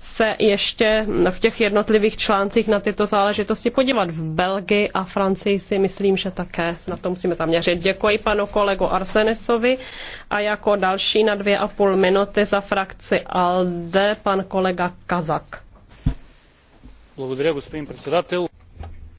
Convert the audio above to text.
se ještě v těch jednotlivých článcích na tyto záležitosti podívat. V Belgii a Francii si myslím, že také na to musíme zaměřit. Děkuji panu kolegu Arsenesovi a jako další na dvě a půl minuty za frakci ALDE pan kolega Kazak. Благодаря, господин председател.